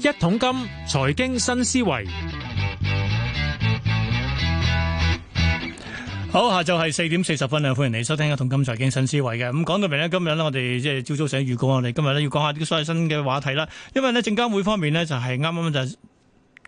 一桶金財經新思維，好，下晝係四點四十分啊！歡迎你收聽一桶金財經新思維嘅，咁講到明呢？今日呢，我哋即係朝早上預告，我哋今日呢要講下啲新嘅話題啦，因為呢，證監會方面呢、就係，就係啱啱就。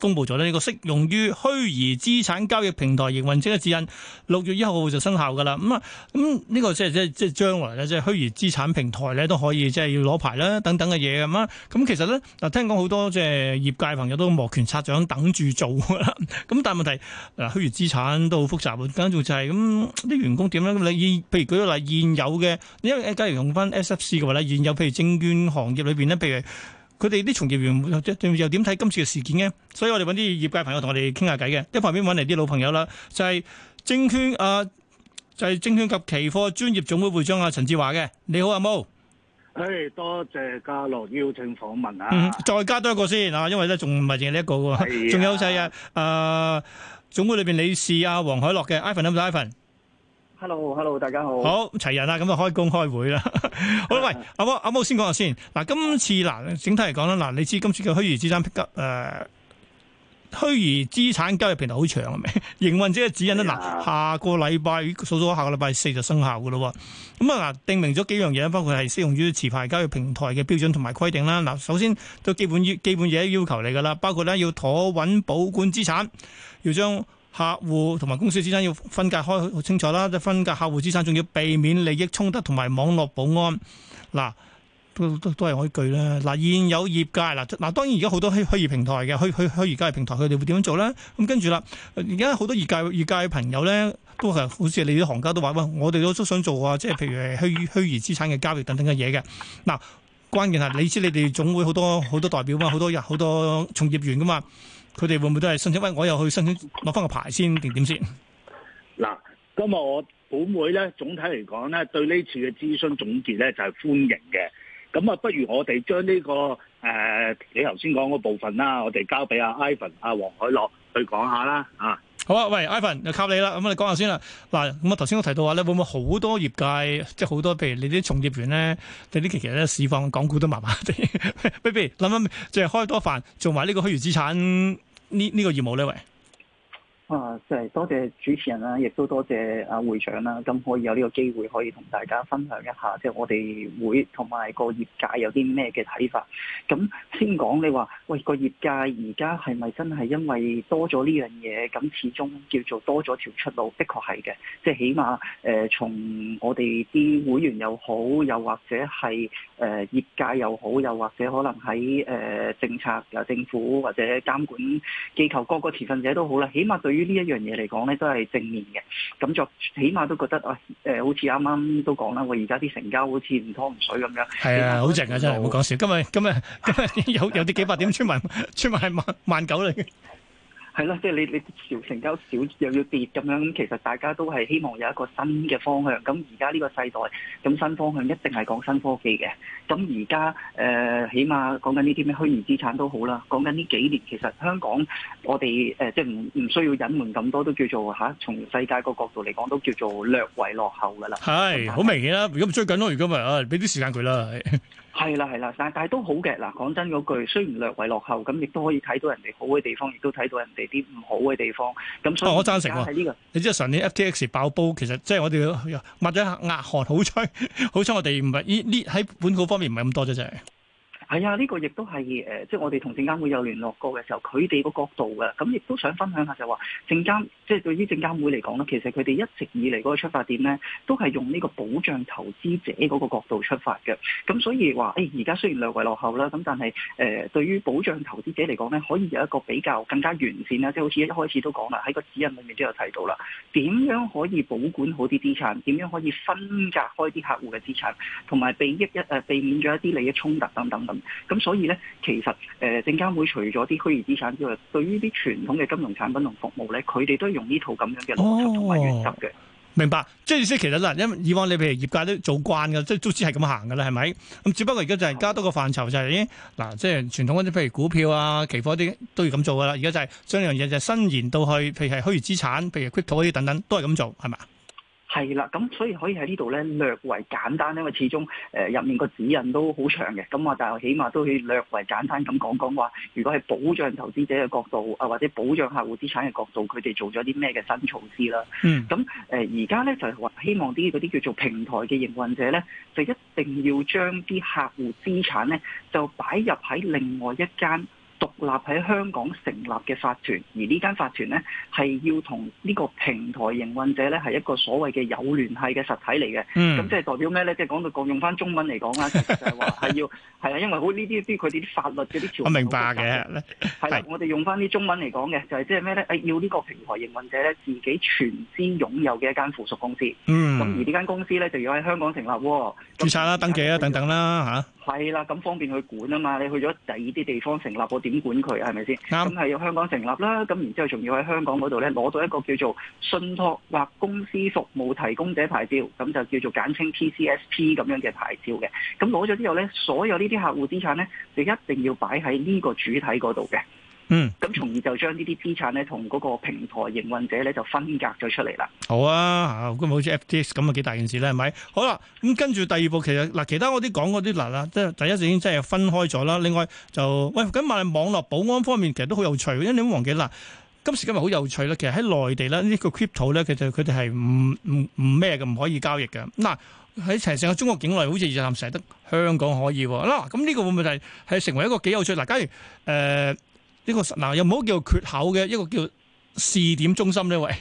公布咗呢個適用於虛擬資產交易平台營運者嘅指引，六月一號就生效噶啦。咁、嗯、啊，咁、嗯、呢、這個即係即係即係將來咧，即係虛擬資產平台咧都可以即係要攞牌啦，等等嘅嘢咁啊。咁、嗯嗯、其實咧，嗱聽講好多即係業界朋友都摩拳擦掌等，等住做啦。咁但係問題，嗱、啊、虛擬資產都好複雜，跟住就係咁啲員工點咧？你譬如舉個例現，現有嘅，因為假如用翻 SFC 嘅話咧，現有譬如證券行業裏邊咧，譬如。佢哋啲從業員又點睇今次嘅事件呢？所以我哋揾啲業界朋友同我哋傾下偈嘅，一旁邊揾嚟啲老朋友啦。就係證券啊，就係證券及期貨專業總會會長阿陳志華嘅，你好阿毛。誒、啊，Mo、多謝家樂邀請訪問啊、嗯！再加多一個先啊，因為咧仲唔係淨係呢、這個啊、一個噶嘛，仲有就係啊，總會裏邊理事啊黃海樂嘅 Ivan 有冇 Ivan？hello hello 大家好，好齊人啦，咁啊開工開會啦， 好啦，喂，阿阿毛先講下先，嗱今次嗱整體嚟講啦，嗱你知今次嘅虛擬資產誒虛擬資產交易平台好長啊，咩營運者指引嗱、哎呀啊、下個禮拜數數下個禮拜四就生效噶咯，咁、嗯、啊嗱，定明咗幾樣嘢包括係適用於持牌交易平台嘅標準同埋規定啦，嗱、啊、首先都基本基本嘢要求嚟噶啦，包括咧要妥穩保管資產，要將。客戶同埋公司之間要分隔開好清楚啦，即分隔客戶資產，仲要避免利益衝突同埋網絡保安。嗱，都都都係嗰句啦。嗱，現有業界嗱嗱，當然而家好多虛虛擬平台嘅虛虛虛擬交易平台，佢哋會點樣做咧？咁跟住啦，而家好多業界業界朋友咧，都係好似你啲行家都話，喂，我哋都都想做啊，即係譬如虛虛擬資產嘅交易等等嘅嘢嘅。嗱，關鍵係你知，你哋總會好多好多代表啊嘛，好多好多從業員噶嘛。佢哋會唔會都係申請？喂，我又去申請攞翻個牌先定點先？嗱，今日我本會咧總體嚟講咧，對呢次嘅諮詢總結咧就係、是、歡迎嘅。咁啊，不如我哋將呢、這個誒、呃、你頭先講嗰部分啦，我哋交俾阿 Ivan 阿、啊、黃海樂去講一下啦。啊，好啊，喂，Ivan 又靠你啦。咁我哋講下先啦。嗱，咁啊頭先我提到話咧，會唔會好多業界即係好多譬如你啲從業員咧，你啲其實咧，市況港股都麻麻地。不 如諗一諗，即係開多飯，做埋呢個虛擬資產。呢呢個業務咧，喂？啊，即係多謝主持人啦、啊，亦都多謝阿、啊、會長啦、啊。咁可以有呢個機會，可以同大家分享一下，即係我哋會同埋個業界有啲咩嘅睇法。咁先講，你話喂個業界而家係咪真係因為多咗呢樣嘢？咁始終叫做多咗條出路，的確係嘅。即係起碼誒、呃，從我哋啲會員又好，又或者係誒、呃、業界又好，又或者可能喺誒、呃、政策、由政府或者監管機構各個持份者都好啦。起碼對於於呢一樣嘢嚟講咧，都係正面嘅。咁就起碼都覺得，喂、啊，誒、呃，好似啱啱都講啦，我而家啲成交好似唔湯唔水咁樣。係啊，好正啊，真係，唔好講的笑。今日今日 今日有有啲幾百點出埋 出埋萬萬九嚟嘅。係啦，即係你你潮成交少又要跌咁樣，其實大家都係希望有一個新嘅方向。咁而家呢個世代，咁新方向一定係講新科技嘅。咁而家誒，起碼講緊呢啲咩虛擬資產都好啦。講緊呢幾年，其實香港我哋誒、呃，即係唔唔需要隱瞞咁多，都叫做吓從世界個角度嚟講，都叫做略為落後噶啦。係是，好明顯啦。如果唔追緊咯，如果咪啊，俾啲、啊啊、時間佢啦。 係啦，係啦，但係但係都好嘅嗱。講真嗰句，雖然略為落後，咁亦都可以睇到人哋好嘅地方，亦都睇到人哋啲唔好嘅地方。咁所以而家喺呢個、啊啊、你知道上年 F T X 爆煲，其實即係我哋抹咗壓牙汗，好彩好彩，我哋唔係呢呢喺本港方面唔係咁多啫，係啊，呢個亦都係誒，即係我哋同證監會有聯絡過嘅時候，佢哋個角度嘅，咁亦都想分享下就話證監，即係對於證監會嚟講咧，其實佢哋一直以嚟嗰個出發點咧，都係用呢個保障投資者嗰個角度出發嘅。咁所以話，誒而家雖然略為落後啦，咁但係誒對於保障投資者嚟講咧，可以有一個比較更加完善啦，即係好似一開始都講啦，喺個指引裏面都有提到啦，點樣可以保管好啲資產，點樣可以分隔開啲客戶嘅資產，同埋避一誒避免咗一啲利益衝突等等等。咁所以咧，其實誒證監會除咗啲虛擬資產之外，對於啲傳統嘅金融產品同服務咧，佢哋都係用呢套咁樣嘅邏輯同埋原則嘅、哦。明白，即係意思其實嗱，因為以往你譬如業界都做慣嘅，即係都知係咁行嘅啦，係咪？咁只不過而家就係加多個範疇就係、是，嗱、哦，即係傳統嗰啲譬如股票啊、期貨啲都要咁做噶啦。而家就係將呢樣嘢就伸延到去，譬如係虛擬資產，譬如 crypto 等等，都係咁做，係咪？係啦，咁所以可以喺呢度咧，略為簡單，因為始終呃、入面個指引都好長嘅，咁我但係起碼都可以略為簡單咁講講話，如果係保障投資者嘅角度，啊、呃、或者保障客戶資產嘅角度，佢哋做咗啲咩嘅新措施啦。嗯，咁誒而家咧就係話希望啲嗰啲叫做平台嘅營運者咧，就一定要將啲客戶資產咧就擺入喺另外一間。獨立喺香港成立嘅法團，而呢間法團咧係要同呢個平台營運者咧係一個所謂嘅有聯繫嘅實體嚟嘅。咁、嗯、即係代表咩咧？即係講到講，用翻中文嚟講啦，其實就係話係要係啊， 因為好呢啲啲佢哋啲法律嗰啲條款。我明白嘅，係的我哋用翻啲中文嚟講嘅，就係即係咩咧？誒，要呢個平台營運者咧自己全資擁有嘅一間附屬公司。嗯，咁而呢間公司咧就要喺香港成立喎。註冊啦，哦、註冊登記等等啊，等等啦，嚇。係啦，咁方便去管啊嘛！你去咗第二啲地方成立，我點管佢？係咪先？咁係要香港成立啦。咁然之後仲要喺香港嗰度咧，攞到一個叫做信託或公司服務提供者牌照，咁就叫做簡稱 PCSP 咁樣嘅牌照嘅。咁攞咗之後咧，所有呢啲客戶資產咧，就一定要擺喺呢個主體嗰度嘅。嗯，咁從而就將呢啲資產咧，同嗰個平台營運者咧就分隔咗出嚟啦，啊。好啊，咁好似 FTX 咁啊，幾大件事咧，係咪？好啦，咁跟住第二步，其實嗱，其他我啲講嗰啲嗱啦，即係第一已經即係分開咗啦。另外就喂，咁埋網絡保安方面，其實都好有趣。因為你會忘記嗱，今時今日好有趣啦，其實喺內地咧，呢、呢個 Crypto 呢，其實，佢哋佢哋係唔唔唔咩嘅，唔可以交易嘅。嗱，喺成個中國境內好似二十三成得香港可以啦。咁呢個會唔會係成為一個幾有趣？嗱，假、呃、如呢、這個嗱，有冇叫缺口嘅一個叫試點中心呢位？喂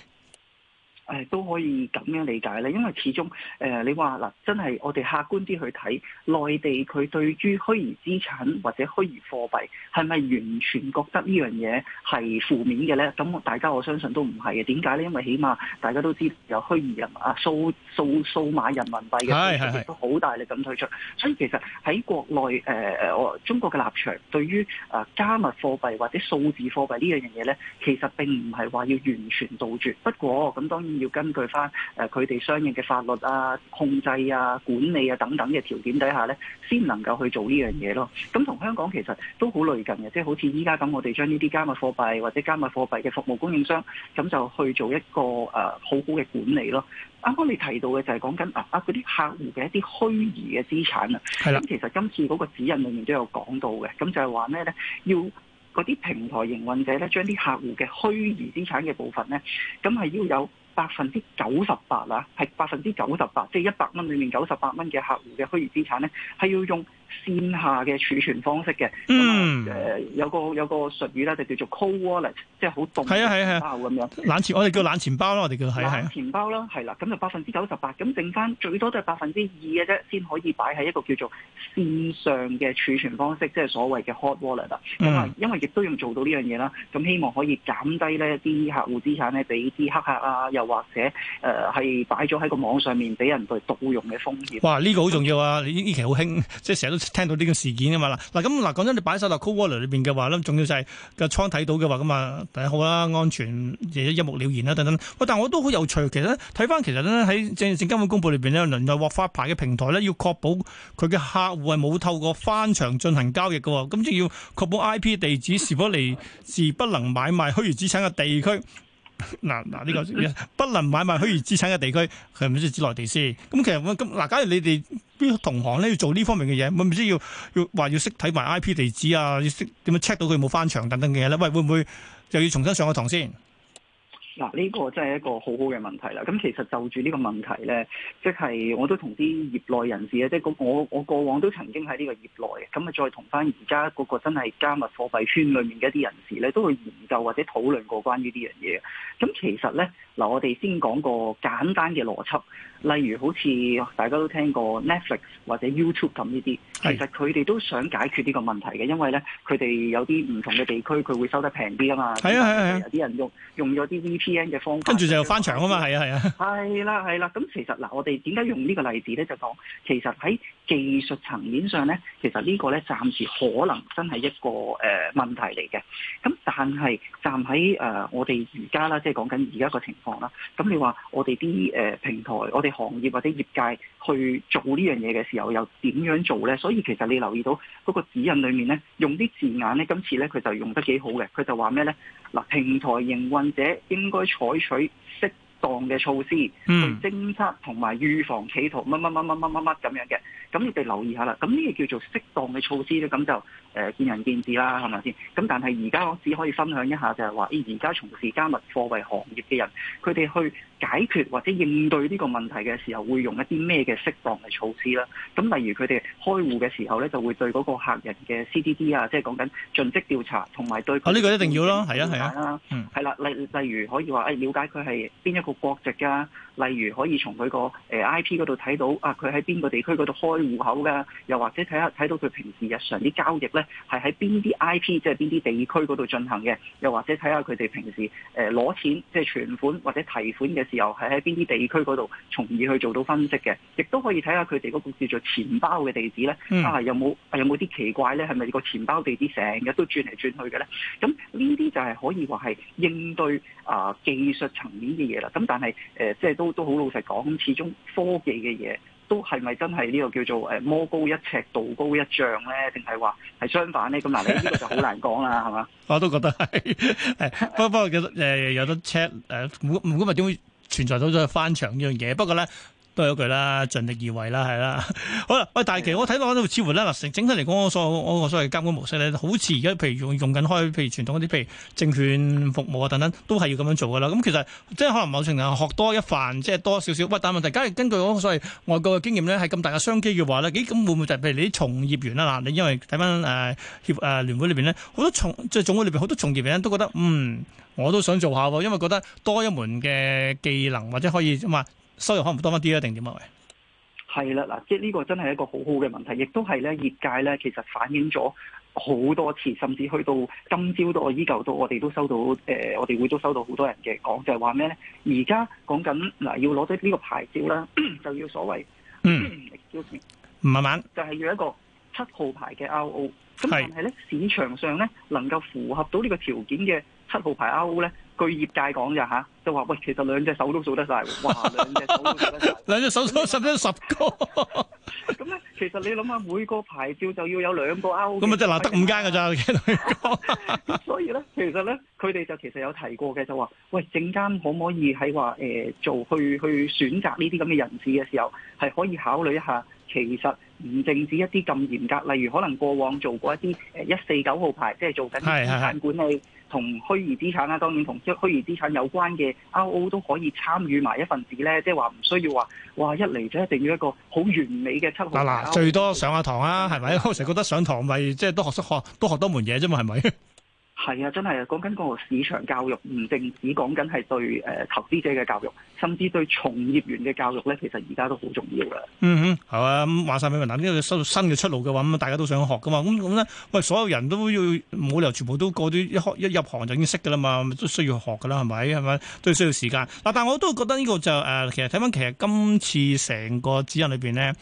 誒都可以咁樣理解咧，因為始終誒、呃、你話嗱，真係我哋客觀啲去睇內地佢對於虛擬資產或者虛擬貨幣係咪完全覺得呢樣嘢係負面嘅咧？咁大家我相信都唔係嘅。點解咧？因為起碼大家都知有虛擬人啊數數數碼人民幣嘅推出都好大力咁推出，是是是所以其實喺國內誒、呃、中國嘅立場對於誒加密貨幣或者數字貨幣呢樣嘢咧，其實並唔係話要完全杜絕。不過咁當然。要根據翻誒佢哋相應嘅法律啊、控制啊、管理啊等等嘅條件底下咧，先能夠去做呢樣嘢咯。咁同香港其實都好類近嘅，即係好似依家咁，我哋將呢啲加密貨幣或者加密貨幣嘅服務供應商，咁就去做一個誒、呃、好好嘅管理咯。啱啱你提到嘅就係講緊啊，嗰、啊、啲客戶嘅一啲虛擬嘅資產啊。係啦的，咁其實今次嗰個指引裏面都有講到嘅，咁就係話咩咧？要嗰啲平台營運者咧，將啲客戶嘅虛擬資產嘅部分咧，咁係要有。百分之九十八啦，係百分之九十八，即係一百蚊裏面九十八蚊嘅客戶嘅虛擬資產咧，係要用。線下嘅儲存方式嘅、嗯呃，有個有個術語咧就叫做 cold wallet，即係好凍包咁樣、嗯、冷錢，我哋叫冷錢包啦，我哋叫係係冷錢包啦，係啦，咁就百分之九十八，咁剩翻最多都係百分之二嘅啫，先可以擺喺一個叫做線上嘅儲存方式，即、就、係、是、所謂嘅 hot wallet 啦、嗯。咁啊、嗯，因為亦都要做到呢樣嘢啦，咁希望可以減低呢啲客戶資產咧俾啲黑客啊，又或者誒係擺咗喺個網上面俾人去盜用嘅風險。哇！呢、這個好重要啊！你呢、嗯、期好興，即係成日都。聽到呢個事件啊嘛嗱嗱咁嗱講真，你擺喺手頭 coin wallet 裏邊嘅話咧，仲要就係個倉睇到嘅話咁啊，第一好啦，安全一目了然啦等等。喂、啊，但我都好有趣，其實睇翻其實咧喺證證監會公佈裏邊呢輪候獲發牌嘅平台咧，要確保佢嘅客戶係冇透過翻牆進行交易嘅喎。咁仲要確保 IP 地址是否嚟自不能買賣虛擬資產嘅地區。嗱、啊、嗱，呢、啊呢個不能買賣虛擬資產嘅地區係唔係指內地先？咁其實咁嗱，假如你哋啲同行咧要做呢方面嘅嘢，咪唔知要要話要識睇埋 IP 地址啊，要識點樣 check 到佢冇翻牆等等嘅嘢咧。喂，會唔會又要重新上個堂先？嗱，呢個真係一個好好嘅問題啦。咁其實就住呢個問題咧，即係我都同啲業內人士咧，即係我我過往都曾經喺呢個業內，咁啊再同翻而家嗰個真係加密貨幣圈裏面嘅一啲人士咧，都會研究或者討論過關於呢樣嘢。咁其實咧，嗱，我哋先講個簡單嘅邏輯。例如好似大家都聽過 Netflix 或者 YouTube 咁呢啲，其實佢哋都想解決呢個問題嘅，因為咧佢哋有啲唔同嘅地區，佢會收得平啲啊嘛。係啊係係，啊啊、有啲人用用咗啲 VPN 嘅方法，跟住就又翻牆啊嘛。係啊係啊。係啦係啦，咁、啊 啊啊、其實嗱，我哋點解用呢個例子咧？就講其實喺技術層面上呢，其實呢個呢，暫時可能真係一個誒、呃、問題嚟嘅。咁但係站喺誒、呃、我哋而家啦，即係講緊而家個情況啦。咁你話我哋啲、呃、平台、我哋行業或者業界去做呢樣嘢嘅時候，又點樣做呢？所以其實你留意到嗰個指引裏面呢，用啲字眼呢，今次呢，佢就用得幾好嘅。佢就話咩呢？嗱，平台營運者應該採取適當嘅措施去偵測同埋預防企圖乜乜乜乜乜乜乜咁樣嘅，咁你哋留意下啦。咁呢個叫做適當嘅措施咧，咁就誒、呃、見仁見智啦，係咪先？咁但係而家我只可以分享一下就，就係話而家從事加密貨幣行業嘅人，佢哋去解決或者應對呢個問題嘅時候，會用一啲咩嘅適當嘅措施啦？咁例如佢哋開戶嘅時候咧，就會對嗰個客人嘅 CDD 啊，即係講緊盡職調查同埋對、啊、呢個一定要咯，係啊係啊，啊啊啊嗯，係啦，例例如可以話誒，哎、瞭解佢係邊一個。國籍、嗯、啊，例如可以從佢個誒 I P 嗰度睇到啊，佢喺邊個地區嗰度開戶口噶，又或者睇下睇到佢平時日常啲交易咧，係喺邊啲 I P，即係邊啲地區嗰度進行嘅，又或者睇下佢哋平時誒攞錢，即係存款或者提款嘅時候，係喺邊啲地區嗰度，從而去做到分析嘅，亦都可以睇下佢哋嗰個叫做錢包嘅地址咧，啊有冇有冇啲奇怪咧？係咪個錢包地址成日都轉嚟轉去嘅咧？咁呢啲就係可以話係應對啊、呃、技術層面嘅嘢啦。嗯咁但係誒，即係都都好老實講，咁始終科技嘅嘢都係咪真係呢個叫做誒魔高一尺道高一丈咧？定係話係相反咧？咁嗱，你呢個就好難講啦，係嘛 吧？我都覺得係、呃。 不過不過，覺得誒有得 check 誒，如果如果咪點會存在到咗翻牆呢樣嘢？不過咧。多一句啦，盡力而為啦，係啦。好啦，喂，大旗，我睇到我都似乎咧嗱，整體嚟講，我所我所謂的監管模式咧，好似而家譬如用用緊開，譬如傳統嗰啲譬如證券服務啊等等，都係要咁樣做噶啦。咁、嗯、其實即係可能某程度學多一範，即係多少少不但問題。假如根據我所謂外國嘅經驗咧，係咁大嘅商機嘅話咧，咦？咁會唔會就係譬如你啲從業員啦嗱，你因為睇返誒協誒、呃、聯會裏邊咧，好多從即係總會裏邊好多從業員都覺得嗯，我都想做下喎，因為覺得多一門嘅技能或者可以咁、嗯收入可唔多一啲咧，定點啊？係啦，嗱，即係呢個真係一個好好嘅問題，亦都係咧，業界咧，其實反映咗好多次，甚至去到今朝都，我依舊都，我哋都收到，誒、呃，我哋會都收到好多人嘅講，就係話咩咧？而家講緊嗱，要攞到呢個牌照啦，就要所謂嗯，慢慢，就係要一個七號牌嘅 RO，咁是但係咧，市場上咧，能夠符合到呢個條件嘅七號牌 RO 咧。據業界講就嚇，話喂，其實兩隻手都做得晒。哇！兩隻手都做得曬， 兩隻手都十張十個。咁咧，其實你諗下，每個牌照就要有兩個勾。咁啊，即係嗱，得五間嘅咋？所以咧，其實咧，佢哋就其實有提過嘅，就話喂，證監可唔可以喺話、呃、做去去選擇呢啲咁嘅人士嘅時候，係可以考慮一下，其實唔淨止一啲咁嚴格，例如可能過往做過一啲一四九號牌，即係做緊資產管理。是是是。同虛擬資產啦，當然同虛擬資產有關嘅 RO 都可以參與埋一份子咧，即係話唔需要話，哇！一嚟就一定要一個好完美嘅測量。嗱嗱，最多上下堂啊，係咪？ 我成日覺得上堂咪即係都學識學，都學多門嘢啫嘛，係咪？係啊，真係啊！講緊個市場教育唔淨止講緊係對誒投資者嘅教育，甚至對從業員嘅教育咧，其實而家都好重要啦。嗯哼，係啊，咁話晒俾民眾，呢個收新嘅出路嘅話，咁大家都想學噶嘛。咁咁咧，喂、嗯，所有人都要冇理由全部都過啲一一入行就已經識噶啦嘛，都需要學噶啦，係咪？係咪都需要時間嗱？但我都覺得呢個就誒，其實睇翻其實今次成個指引裏邊咧，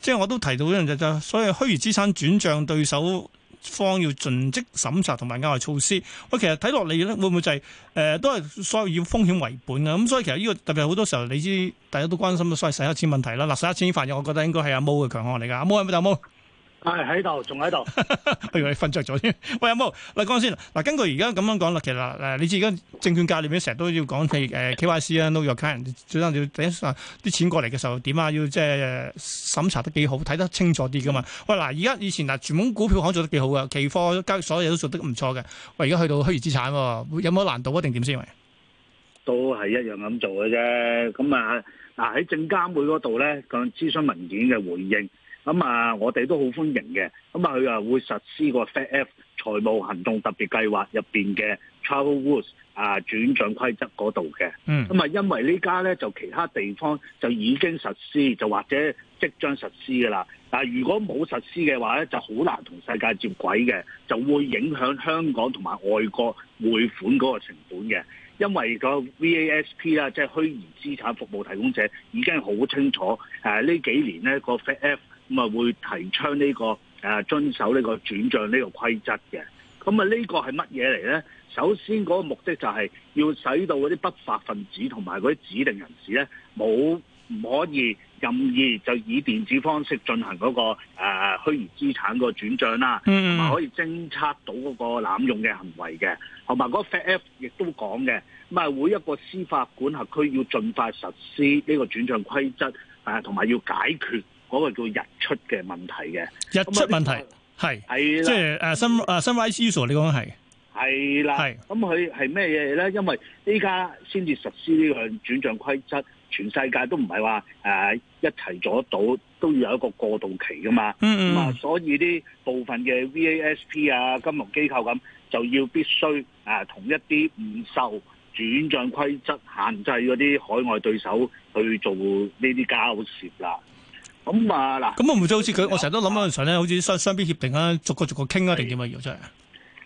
即係我都提到一樣嘢就係，所謂虛擬資產轉賬對手。方要盡職審查同埋額外措施，喂，其實睇落嚟咧，會唔會就係、是、誒、呃、都係所有以要風險為本嘅咁，所以其實呢個特別係好多時候，你知大家都關心嘅，所以使一錢問題啦，嗱使一錢呢塊嘢，我覺得應該係阿毛嘅強項嚟㗎，阿毛係咪啊，阿毛？係喺度，仲喺度。不如 你瞓着咗先。喂，有冇？嗱講先，嗱根據而家咁樣講啦，其實誒，你知而家證券界裏面成日都要講，譬如誒 K Y C 啊、Know Your Client，最緊要第一，啲錢過嚟嘅時候點啊，要即係審查得幾好，睇得清楚啲噶嘛。喂，嗱，而家以前嗱，傳統股票行做得幾好噶，期貨加所有嘢都做得唔錯嘅。喂，而家去到虛擬資產，有冇難度一定點先？喂，都係一樣咁做嘅啫。咁啊，嗱喺證監會嗰度咧，講諮詢文件嘅回應。咁啊，我哋都好歡迎嘅。咁啊，佢啊會實施個 FATF 財務行動特別計劃入邊嘅 Travel Rules 啊轉賬規則嗰度嘅。嗯。咁啊，因為呢家咧就其他地方就已經實施，就或者即將實施噶啦。但係如果冇實施嘅話咧，就好難同世界接軌嘅，就會影響香港同埋外國匯款嗰個成本嘅。因為個 VASP 啦，即係虛擬資產服務提供者已經好清楚誒，呢幾年咧個 FATF。咁啊，會提倡呢個誒遵守呢個轉賬呢個規則嘅。咁啊，呢個係乜嘢嚟咧？首先嗰個目的就係要使到嗰啲不法分子同埋嗰啲指定人士咧，冇唔可以任意就以電子方式進行嗰、那個虛、呃、虛擬資產個轉賬啦，同、mm hmm. 可以偵測到嗰個濫用嘅行為嘅。同埋嗰 FATF 亦都講嘅，咁啊每一個司法管轄區要盡快實施呢個轉賬規則，同、啊、埋要解決。嗰個叫做日出嘅問題嘅，日出問題係係即係誒 sun 誒 sunrise issue 你講係係啦，咁佢係咩嘢咧？因為依家先至實施呢個轉帳規則，全世界都唔係話誒一齊做得到，都要有一個過渡期噶嘛。嗯嗯。咁啊，所以啲部分嘅 VASP 啊，金融機構咁就要必須啊，同一啲唔受轉帳規則限制嗰啲海外對手去做呢啲交涉啦。咁、嗯、啊嗱，咁、嗯、啊唔會意好似佢，我成日都諗嗰陣時咧，好似雙雙邊協定啊，逐個逐個傾啊，定點啊要真係？誒、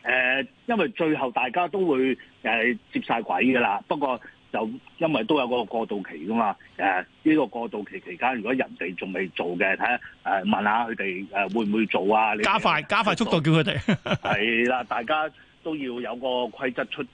呃，因為最後大家都會誒、呃、接晒軌噶啦。不過就因為都有個過渡期噶嘛，誒、呃、呢、這個過渡期期間，如果人哋仲未做嘅，睇、呃、下誒問下佢哋誒會唔會做啊？加快你們加快速度叫，叫佢哋係啦。大家都要有個規則出誒，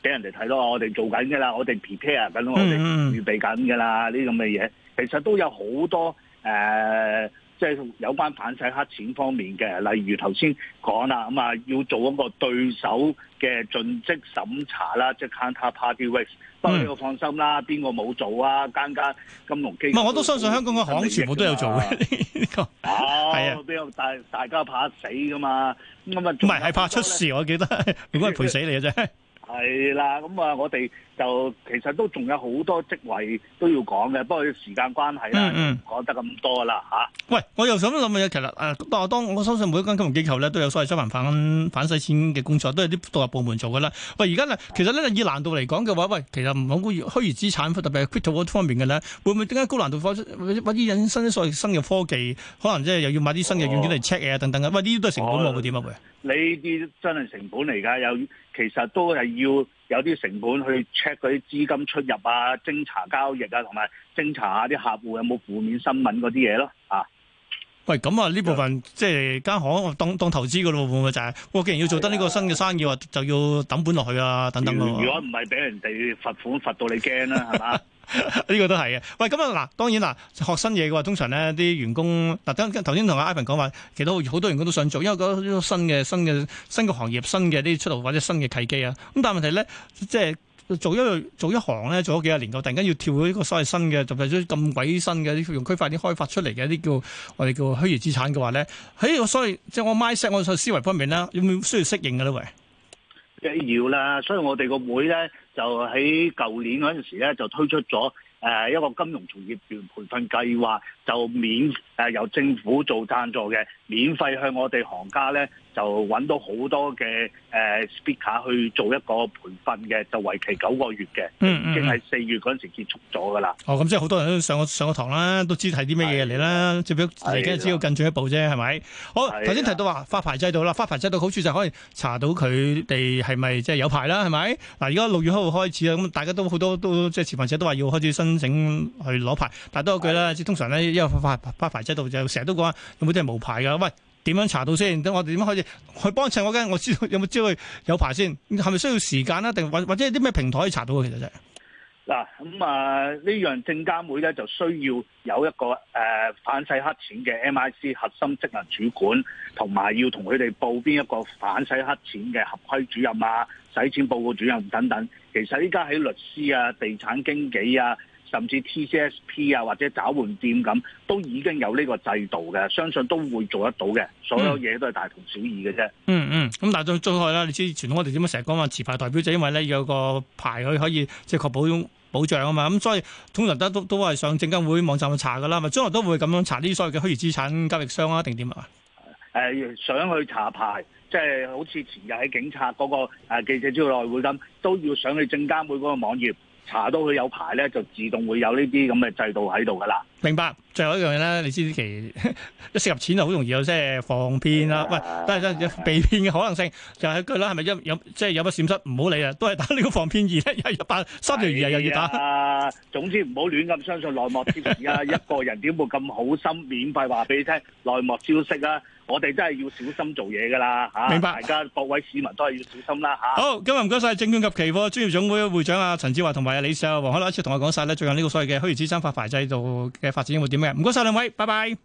俾、呃、人哋睇到我哋做緊嘅啦，我哋 prepare 緊，我哋預備緊嘅啦，呢啲咁嘅嘢，其實都有好多。誒、呃，即係有關反洗黑錢方面嘅，例如頭先講啦，咁啊要做一個對手嘅盡職審查啦，即係 counter party risk 都、嗯、你要放心啦，邊個冇做啊？間間金融機構，唔係我都相信香港嘅行全部都有做嘅，係啊，比較大大家怕死噶嘛，咁啊，唔係係怕出事，呢我記得如果係賠死你嘅啫。 係啦，咁啊，嗯嗯嗯、我哋就其實都仲有好多職位都要講嘅，不過時間關係啦，講嗯嗯得咁多啦嚇。啊、喂，我又想諗嘅嘢，其實誒、呃，當我我相信每一間金融機構咧都有所謂收還反反洗錢嘅工作，都係啲獨立部門做嘅啦。喂，而家咧，其實咧以難度嚟講嘅話，喂，其實唔好講虛擬資產，特別係 crypto 方面嘅咧，會唔會點解高難度科？或者引申所謂新嘅科技，可能即係又要買啲新嘅軟件嚟 check 嘢等等嘅？喂，呢啲都係成本喎，哦、會點啊喂？呢啲真係成本嚟噶有。其實都係要有啲成本去 check 嗰啲資金出入啊、偵查交易啊，同埋偵查下啲客戶有冇負面新聞嗰啲嘢咯，啊。喂，咁啊呢部分、嗯、即係間行當當投資噶咯，會唔會就係、是？我、哦、既然要做得呢個新嘅生意話，嗯、就要抌本落去啊，等等啊。如果唔係俾人哋罰款罰到你驚啦，係嘛？呢個都係嘅。喂，咁啊嗱，當然啦、啊，學新嘢嘅話，通常咧啲員工，嗱，頭先同阿 Ivan 講話，其實好多員工都想做，因為覺得呢個新嘅新嘅新嘅行業、新嘅啲出路或者新嘅契機啊。咁但係問題咧，即係。做一做一行咧，做咗幾廿年，我突然間要跳到呢個所謂新嘅、特別咗咁鬼新嘅、啲用區塊鏈開發出嚟嘅一啲叫我哋叫虛擬資產嘅話咧，喺、哎、所以即係我 mindset 我嘅思維方面啦，有冇需要適應嘅呢？喂，要啦，所以我哋個會咧就喺舊年嗰陣時咧就推出咗誒一個金融從業員培訓計劃，就免誒、呃、由政府做贊助嘅，免費向我哋行家咧。就揾到好多嘅誒 speaker 去做一個培訓嘅，就為期九個月嘅，已經係四月嗰陣時候結束咗噶啦。好咁、哦，即係好多人都上過上過堂啦，都知睇啲咩嘢嚟啦，只不過而家只要近進一步啫，係咪？好，頭先的提到話發牌制度啦，發牌制度好處就係可以查到佢哋係咪即係有牌啦，係咪？嗱，而家六月一號開始啊，咁大家都好多都即係持份者都話要開始申請去攞牌，但多一句啦，即係的通常咧，因為發發牌制度就成日都講話有冇啲係無牌噶，喂。點樣查到先？等我哋點樣開始去幫襯我嘅？我知道有冇知道有排先，係咪需要時間啊？定或或者係啲咩平台可以查到啊？其實就嗱，咁啊呢樣證監會咧就需要有一個誒、呃、反洗黑錢嘅 MIC 核心職能主管，同埋要同佢哋報邊一個反洗黑錢嘅合規主任啊，洗錢報告主任等等。其實依家喺律師啊、地產經紀啊。甚至 TCSP 啊，或者找換店咁，都已經有呢個制度嘅，相信都會做得到嘅。嗯、所有嘢都係大同小異嘅啫。嗯嗯。咁但係在在內啦，你知傳統我哋點解成日講話持牌代表就因為咧有個牌佢可以即係確保保障啊嘛。咁所以通常都都都係上證監會網站去查㗎啦。咪將來都會咁樣查啲所謂嘅虛擬資產交易商啊，定點啊？誒、呃，想去查牌，即係好似前日喺警察嗰個誒記者招待會咁，都要上去證監會嗰個網頁。查到佢有牌咧，就自動會有呢啲咁嘅制度喺度噶啦。明白。最後一樣嘢咧，你知唔知？一涉入錢就好容易有即係、就是、防騙啦。喂、啊，但係有被騙嘅可能性、就是是是，就係佢咧係咪有有即係有乜閃失？唔好理啊，都係打呢個防騙二咧，又一打三條二，又要打。總之唔好亂咁相信內幕資訊啊！ 一個人點會咁好心免費話俾你聽內幕消息啊？我哋真係要小心做嘢㗎啦，明白？大家各位市民都係要小心啦。啊、好，今日唔該晒，證券及期貨專業總會會長啊陳志華同埋李尚黃海樂一齊同我講晒咧，最近呢個所謂嘅虛擬資產發牌制度嘅發展會點嘅。唔該晒，兩位，拜拜。